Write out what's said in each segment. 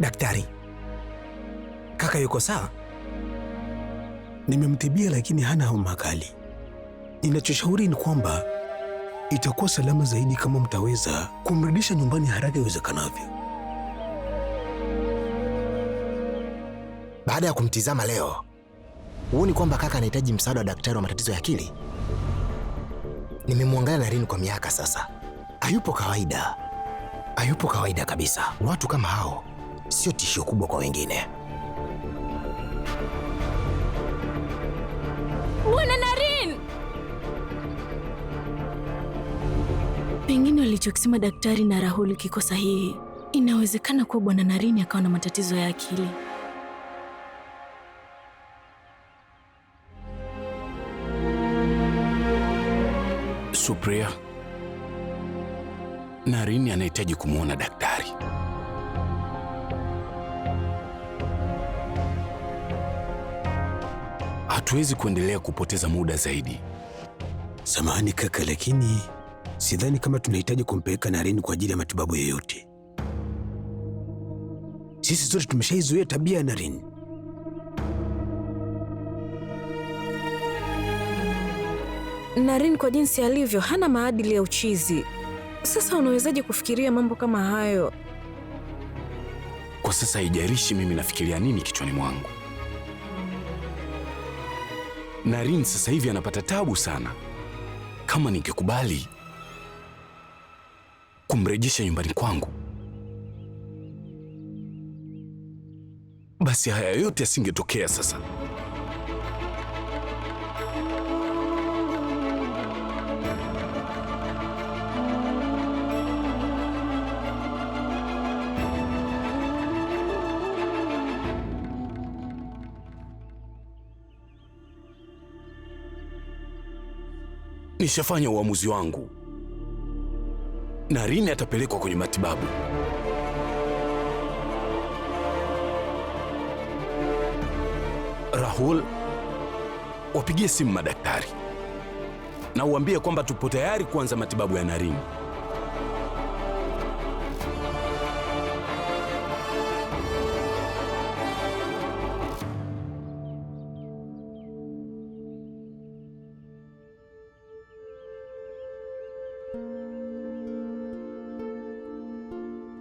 Daktari, kaka yuko sawa? Nimemtibia lakini hana homa kali. Ninachoshauri ni kwamba itakuwa salama zaidi kama mtaweza kumrudisha nyumbani haraka iwezekanavyo. Baada ya kumtizama leo, huoni kwamba kaka anahitaji msaada wa daktari wa matatizo ya akili? Nimemwangalia Naren kwa miaka sasa, hayupo kawaida, hayupo kawaida kabisa. Watu kama hao sio tishio kubwa kwa wengine. Bwana Naren, pengine walichokisema daktari na Rahul kiko sahihi. Inawezekana kuwa Bwana Naren akawa na matatizo ya akili. Supriya, Naren anahitaji kumwona daktari. hatuwezi kuendelea kupoteza muda zaidi. Samahani kaka, lakini sidhani kama tunahitaji kumpeleka Naren kwa ajili ya matibabu yoyote. Sisi sote tumeshaizoea tabia ya Naren. Naren kwa jinsi alivyo, hana maadili ya uchizi. Sasa unawezaje kufikiria mambo kama hayo? Kwa sasa haijarishi mimi nafikiria nini kichwani mwangu. Naren sasa hivi anapata tabu sana. Kama ningekubali kumrejesha nyumbani kwangu, basi haya yote yasingetokea sasa. Nishafanya uamuzi wangu. Naren atapelekwa kwenye matibabu. Rahul, wapigie simu madaktari na uambie kwamba tupo tayari kuanza matibabu ya Naren.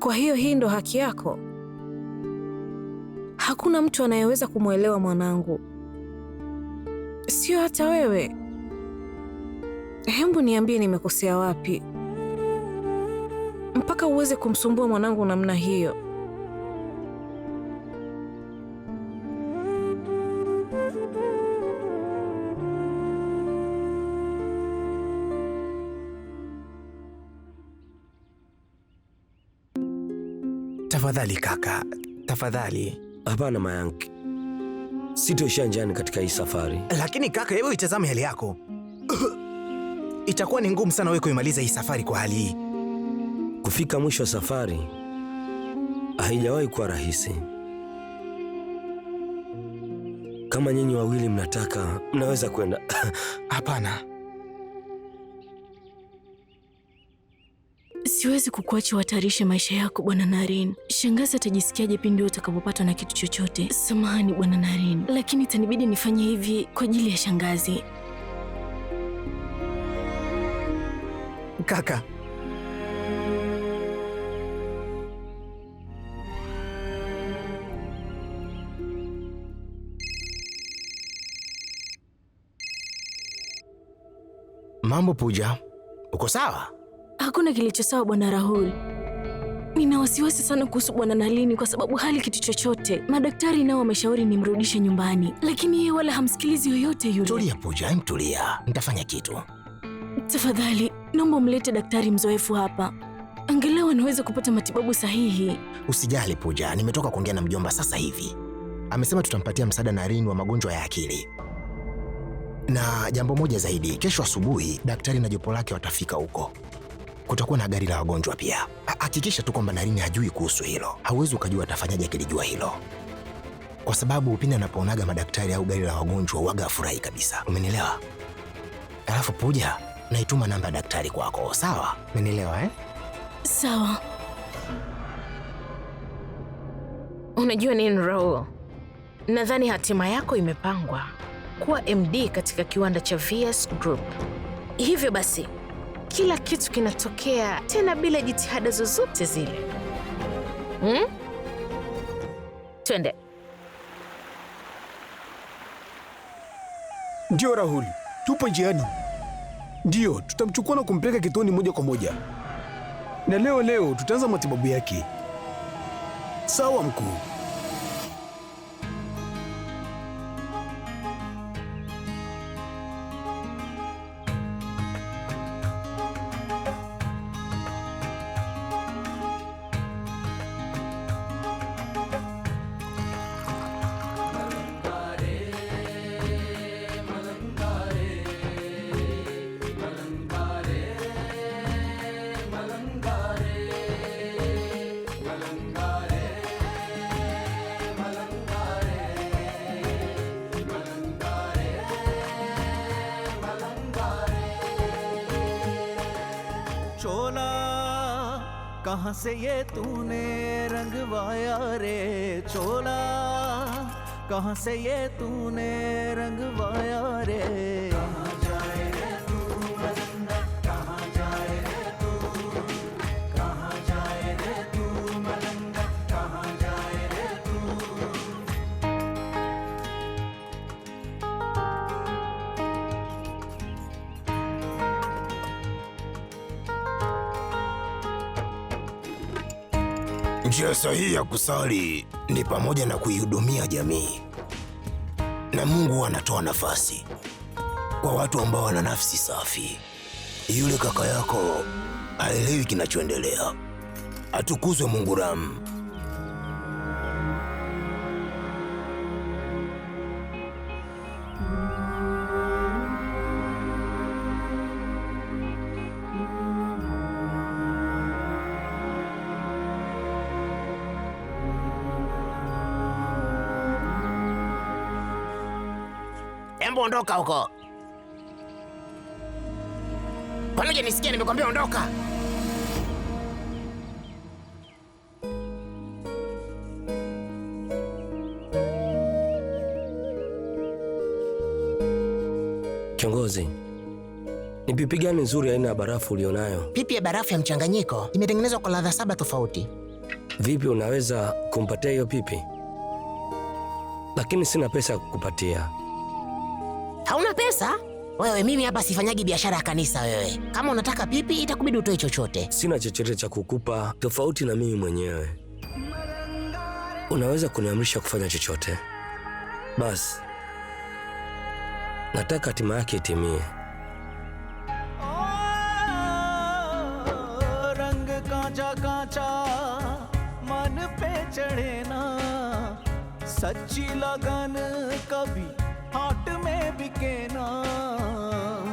Kwa hiyo hii ndo haki yako. Hakuna mtu anayeweza kumwelewa mwanangu, sio hata wewe. Hembu niambie, nimekosea wapi mpaka uweze kumsumbua mwanangu namna hiyo? Tafadhali kaka, tafadhali. Hapana Mayank, sitoishia njiani katika hii safari. Lakini kaka, hebu itazame hali yako itakuwa ni ngumu sana wewe kuimaliza hii safari kwa hali hii. Kufika mwisho wa safari haijawahi kuwa rahisi. Kama nyinyi wawili mnataka, mnaweza kwenda. Hapana. Siwezi kukuacha uhatarishe maisha yako Bwana Naren. Shangazi atajisikiaje pindi utakapopatwa na kitu chochote? Samahani Bwana Naren, lakini itanibidi nifanye hivi kwa ajili ya shangazi. Kaka, mambo. Puja, uko sawa? Hakuna kilicho sawa, Bwana Rahul. Nina wasiwasi sana kuhusu Bwana Nalini kwa sababu hali kitu chochote. Madaktari nao wameshauri nimrudishe nyumbani, lakini yeye wala hamsikilizi yoyote yule. Tulia Pooja, mtulia, nitafanya kitu. Tafadhali naomba mlete daktari mzoefu hapa, angalau anaweza kupata matibabu sahihi. Usijali Pooja, nimetoka kuongea na mjomba sasa hivi, amesema tutampatia msaada Naren wa magonjwa ya akili. Na jambo moja zaidi, kesho asubuhi daktari na jopo lake watafika huko kutakuwa na gari la wagonjwa pia. Hakikisha tu kwamba Narini hajui kuhusu hilo, hauwezi ukajua atafanyaje akilijua hilo, kwa sababu Upinde anapoonaga madaktari au gari la wagonjwa waga afurahi kabisa, umenielewa? Alafu Puja, naituma namba ya daktari kwako, sawa? Umenielewa eh? Sawa. Unajua nini Raul, nadhani hatima yako imepangwa kuwa MD katika kiwanda cha VS Group. Hivyo basi kila kitu kinatokea tena bila jitihada zozote zile. Hmm? Twende. Ndio Rahul, tupo njiani. Ndiyo, tutamchukua na kumpeleka kituoni moja kwa moja, na leo leo tutaanza matibabu yake. Sawa mkuu. कहाँ से ये तूने रंगवाया रे चोला कहाँ से ये तूने रंगवाया रे Njia sahihi ya kusali ni pamoja na kuihudumia jamii, na Mungu anatoa nafasi kwa watu ambao wana nafsi safi. Yule kaka yako haelewi kinachoendelea. Atukuzwe Mungu Ram. Hebu ondoka huko. Pamoja nisikia nimekwambia ondoka? Kiongozi, ni pipi gani nzuri aina ya barafu ulionayo? Pipi ya barafu ya mchanganyiko imetengenezwa kwa ladha saba tofauti. Vipi, unaweza kumpatia hiyo pipi? Lakini sina pesa ya kukupatia. Hauna pesa? Wewe mimi hapa sifanyagi biashara ya kanisa. Wewe kama unataka pipi, itakubidi utoe chochote. Sina chochote cha kukupa tofauti na mimi mwenyewe. Unaweza kuniamrisha kufanya chochote, basi nataka hatima yake itimie. कभी के नाम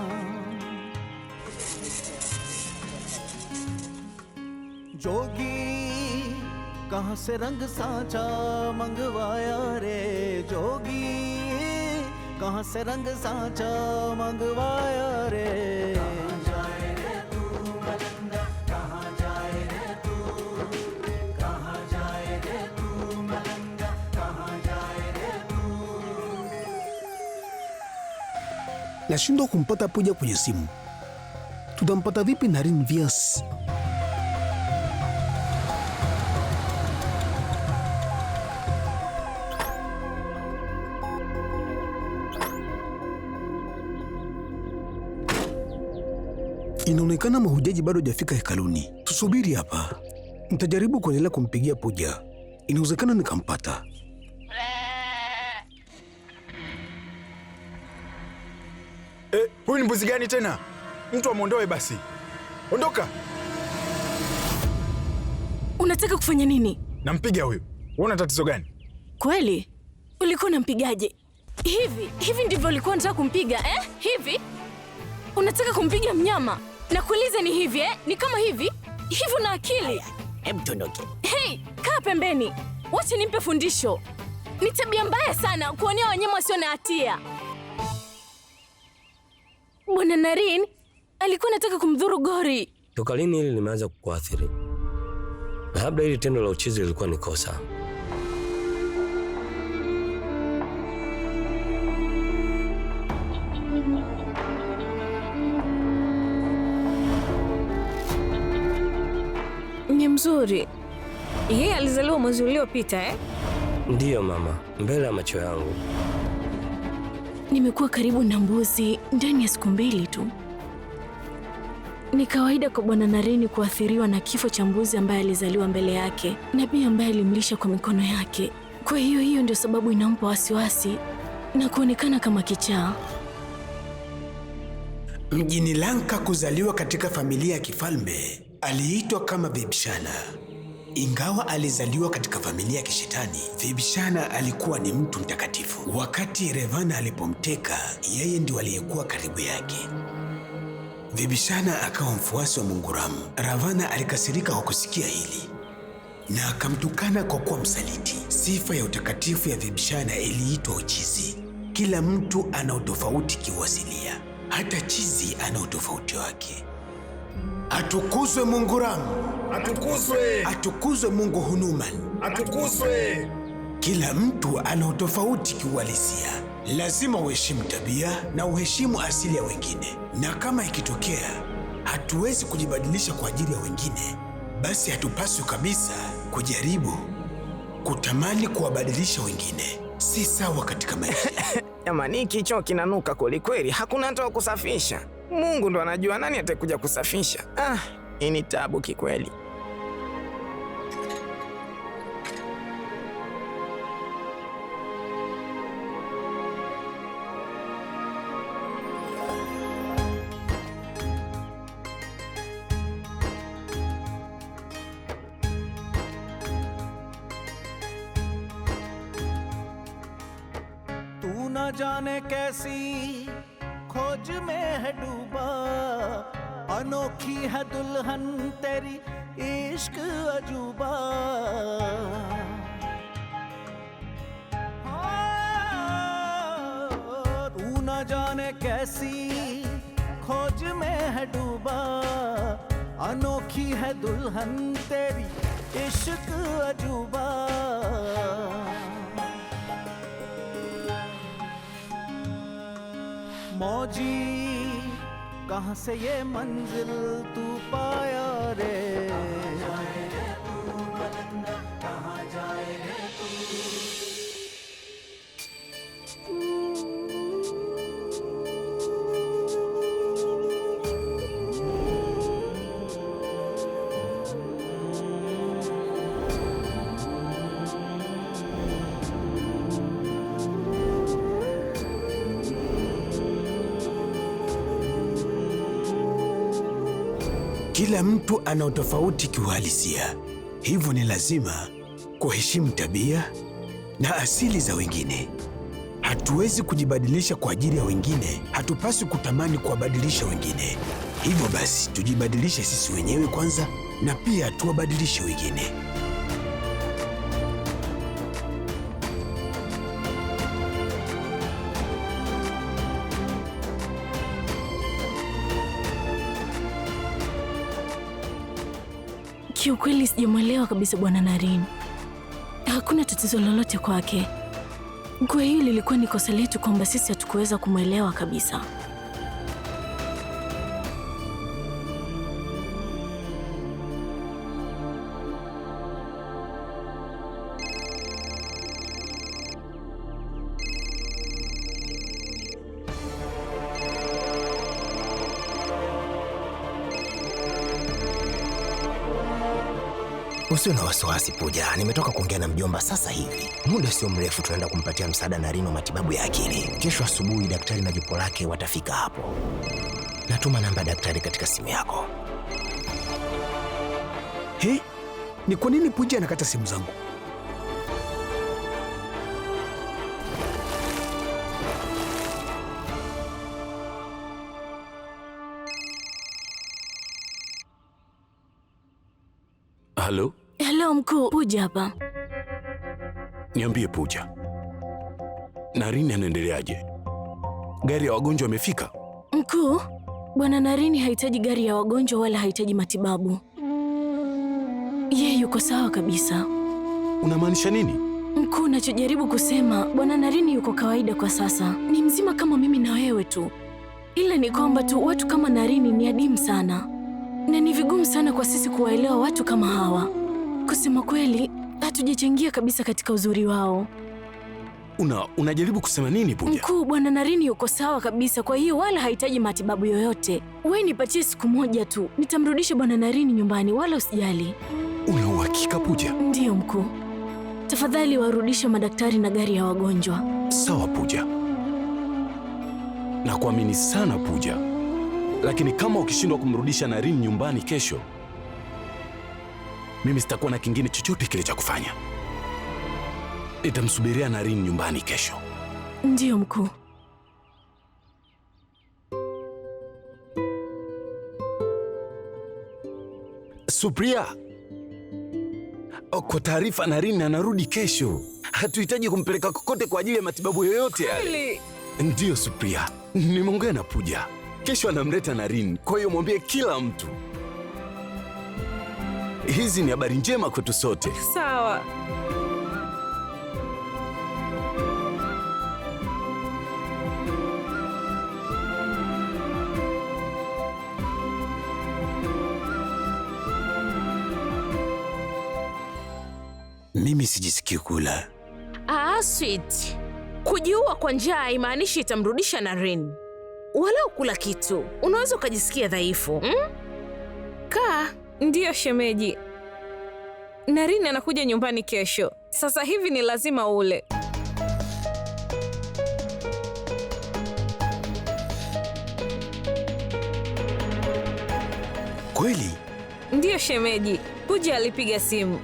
जोगी कहाँ से रंग साचा मंगवाया रे जोगी कहाँ से रंग साचा मंगवाया रे nashindwa kumpata puja kwenye simu. Tutampata vipi Naren Vyas? Inaonekana mahujaji bado hajafika hekaluni. Tusubiri hapa. Nitajaribu kuendelea kumpigia puja inawezekana nikampata. mbuzi gani tena? Mtu amwondoe basi. Ondoka. Unataka kufanya nini? Nampiga huyu. Wewe una tatizo gani? Kweli? Ulikuwa unampigaje? Hivi, hivi ndivyo ulikuwa unataka kumpiga eh? Hivi? Unataka kumpiga mnyama? Nakuuliza ni hivi eh? Ni kama hivi? Hivi una akili? Hebu tondoke. Hey, kaa pembeni. Wacha nimpe fundisho. Ni tabia mbaya sana kuonea wanyama wasio na hatia. Bwana Naren alikuwa anataka kumdhuru Gori. Toka lini hili limeanza kukuathiri? labda hili tendo la uchizi lilikuwa ni kosa. Ni mzuri. Yeye alizaliwa mwezi uliopita eh? Ndiyo mama, mbele ya macho yangu. Nimekuwa karibu na mbuzi ndani ya siku mbili tu. Ni kawaida kwa Bwana narini kuathiriwa na kifo cha mbuzi ambaye alizaliwa mbele yake, nabii ambaye alimlisha kwa mikono yake. Kwa hiyo hiyo ndio sababu inampa wasiwasi na kuonekana kama kichaa. Mjini Lanka, kuzaliwa katika familia ya kifalme, aliitwa kama Bibishana. Ingawa alizaliwa katika familia ya kishetani, Vibhishana alikuwa ni mtu mtakatifu. Wakati revana alipomteka, yeye ndiye aliyekuwa karibu yake. Vibhishana akawa mfuasi wa Mungu Ramu. Ravana alikasirika kwa kusikia hili na akamtukana kwa kuwa msaliti. Sifa ya utakatifu ya Vibhishana iliitwa uchizi. Kila mtu ana utofauti kiuasilia, hata chizi ana utofauti wake. Atukuzwe Mungu ramu, atukuzwe, atukuzwe Mungu hunuman, atukuzwe. Kila mtu ana utofauti kiuhalisia. Lazima uheshimu tabia na uheshimu asili ya wengine, na kama ikitokea hatuwezi kujibadilisha kwa ajili ya wengine, basi hatupaswi kabisa kujaribu kutamani kuwabadilisha wengine. Si sawa katika maisha. Jamani, hiki choo kinanuka kwelikweli, hakuna hata wa kusafisha. Mungu ndo anajua nani atakuja kusafisha. Ah, hii ni tabu kikweli. तू ना जाने कैसी खोज में है डू अनोखी है दुल्हन तेरी इश्क अजूबा तू न जाने कैसी खोज में है डूबा अनोखी है दुल्हन तेरी इश्क अजूबा मौजी कहाँ से ये मंजिल तू पाया रे mtu ana utofauti kiuhalisia, hivyo ni lazima kuheshimu tabia na asili za wengine. Hatuwezi kujibadilisha kwa ajili ya wengine, hatupaswi kutamani kuwabadilisha wengine. Hivyo basi, tujibadilishe sisi wenyewe kwanza, na pia tuwabadilishe wengine. Kiukweli sijamwelewa kabisa Bwana Naren. Hakuna tatizo lolote kwake. Kwa hiyo lilikuwa ni kosa letu kwamba sisi hatukuweza kumwelewa kabisa. Usiwe na wasiwasi puja nimetoka kuongea na mjomba sasa hivi. Muda sio mrefu tunaenda kumpatia msaada na rino matibabu ya akili. Kesho asubuhi daktari na jopo lake watafika hapo. Natuma namba ya daktari katika simu yako. He, ni kwa nini puja anakata simu zangu? Mkuu, Pooja hapa. Niambie puja Narini anaendeleaje? Gari ya wagonjwa imefika? Mkuu, Bwana Narini hahitaji gari ya wagonjwa wala hahitaji matibabu. Yeye yuko sawa kabisa. Unamaanisha nini? Mkuu, nachojaribu kusema, Bwana Narini yuko kawaida kwa sasa. Ni mzima kama mimi na wewe tu. Ila ni kwamba tu watu kama Narini ni adimu sana. Na ni vigumu sana kwa sisi kuwaelewa watu kama hawa. Kusema kweli, hatujachangia kabisa katika uzuri wao. Una unajaribu kusema nini Pooja? Mkuu, bwana Naren yuko sawa kabisa, kwa hiyo wala hahitaji matibabu yoyote. Wewe nipatie siku moja tu, nitamrudisha bwana Naren nyumbani, wala usijali. Una uhakika Pooja? Ndiyo mkuu. Tafadhali warudishe madaktari na gari ya wagonjwa. Sawa Pooja, nakuamini sana Pooja, lakini kama ukishindwa kumrudisha Naren nyumbani kesho mimi sitakuwa na kingine chochote kile cha kufanya. Nitamsubiria Naren nyumbani kesho. Ndiyo mkuu. Supriya, kwa taarifa, Naren anarudi kesho. Hatuhitaji kumpeleka kokote kwa ajili ya matibabu yoyote yale. Ndiyo Supriya, nimeongea na Puja, kesho anamleta Naren, kwa hiyo mwambie kila mtu. Hizi ni habari njema kwetu sote. Sawa. Mimi sijisikii kula. Ah, sweet. Kujiua kwa njaa haimaanishi itamrudisha Naren. Walau kula kitu, unaweza ukajisikia dhaifu mm? Kaa Ndiyo shemeji, Naren anakuja nyumbani kesho. Sasa hivi ni lazima ule. Kweli? Ndiyo shemeji, Puja alipiga simu,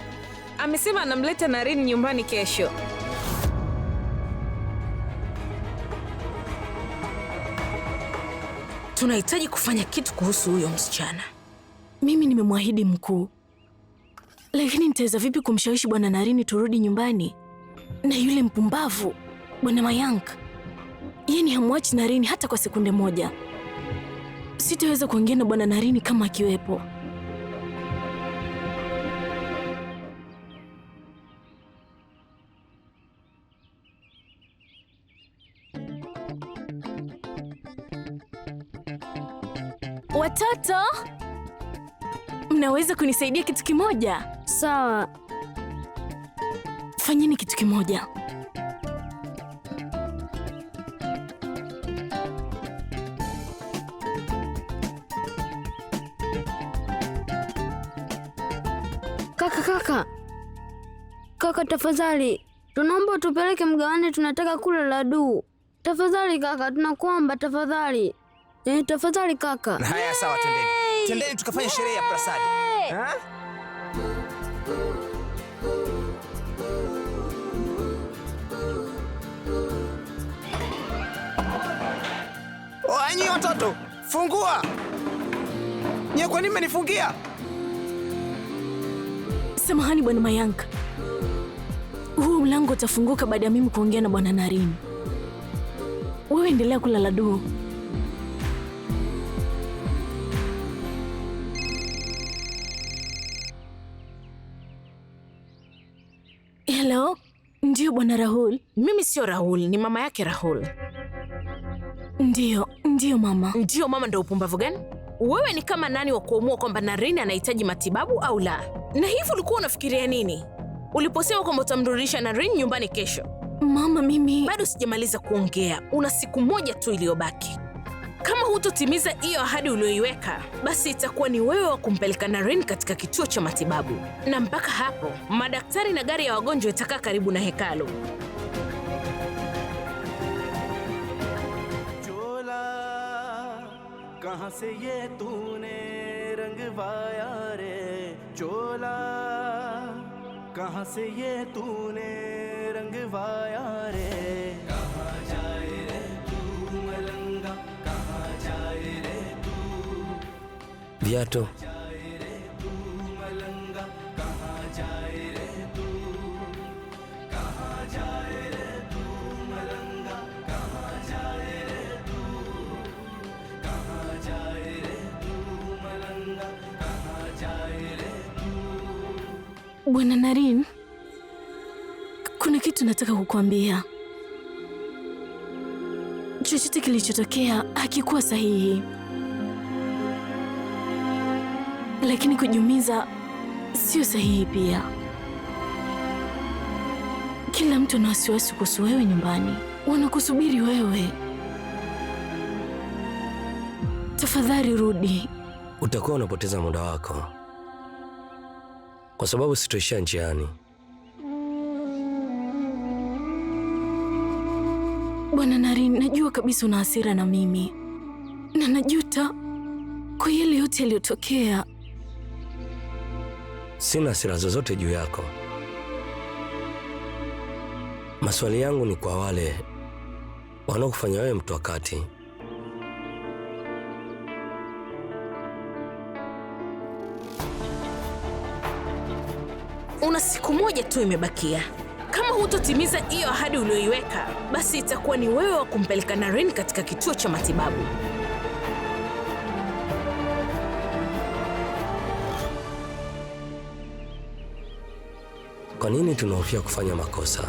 amesema anamleta Naren nyumbani kesho. Tunahitaji kufanya kitu kuhusu huyo msichana. Mimi nimemwahidi mkuu, lakini nitaweza vipi kumshawishi bwana Narini turudi nyumbani? Na yule mpumbavu bwana Mayank, yani hamwachi Narini hata kwa sekunde moja. Sitaweza kuongea na bwana Narini kama akiwepo. Watoto mnaweza kunisaidia kitu kimoja? Sawa. Fanyeni kitu kimoja. Kaka, kaka, kaka, tafadhali tunaomba tupeleke mgawani, tunataka kula ladu. Tafadhali kaka, tunakuomba tafadhali. Eh, tafadhali kaka. Haya, sawa, twendeni tendeni tukafanya sherehe ya prasadi. Wanyi watoto, fungua! Nye, kwa nini mmenifungia? Samahani Bwana Mayanka, huu mlango utafunguka baada ya mimi kuongea na Bwana Narini. Wewe endelea kulala duo. mimi sio Rahul, ni mama yake Rahul. Ndio, ndio mama. Ndio mama, ndo upumbavu gani? Wewe ni kama nani wa kuamua kwamba Naren anahitaji matibabu au la? Na hivyo ulikuwa unafikiria nini uliposema kwamba utamrudisha Naren nyumbani kesho? Mama, mimi bado sijamaliza kuongea. Una siku moja tu iliyobaki. Kama hutotimiza hiyo ahadi uliyoiweka, basi itakuwa ni wewe wa kumpeleka Naren katika kituo cha matibabu, na mpaka hapo madaktari na gari ya wagonjwa itakaa karibu na hekalu. कहाँ से ये तूने रंगवाया रे चोला कहाँ से ये तूने रंगवाया रे कहाँ जाए रे तू मलंगा कहाँ जाए रे तू दिया Bwana Naren, kuna kitu nataka kukuambia. Chochote kilichotokea hakikuwa sahihi, lakini kujiumiza sio sahihi pia. Kila mtu ana wasiwasi kuhusu wewe nyumbani, wanakusubiri wewe. Tafadhali rudi, utakuwa unapoteza muda wako kwa sababu sitoishia njiani. Bwana Naren, najua kabisa una hasira na mimi na najuta kwa yale yote yaliyotokea. Sina hasira zozote juu yako. Maswali yangu ni kwa wale wanaokufanya wewe mtu wa kati. siku moja tu imebakia. Kama hutotimiza hiyo ahadi uliyoiweka, basi itakuwa ni wewe wa kumpeleka Naren katika kituo cha matibabu. Kwa nini tunahofia kufanya makosa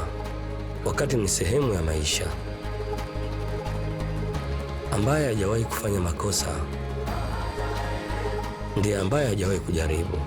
wakati ni sehemu ya maisha? Ambaye hajawahi kufanya makosa ndiye ambaye hajawahi kujaribu.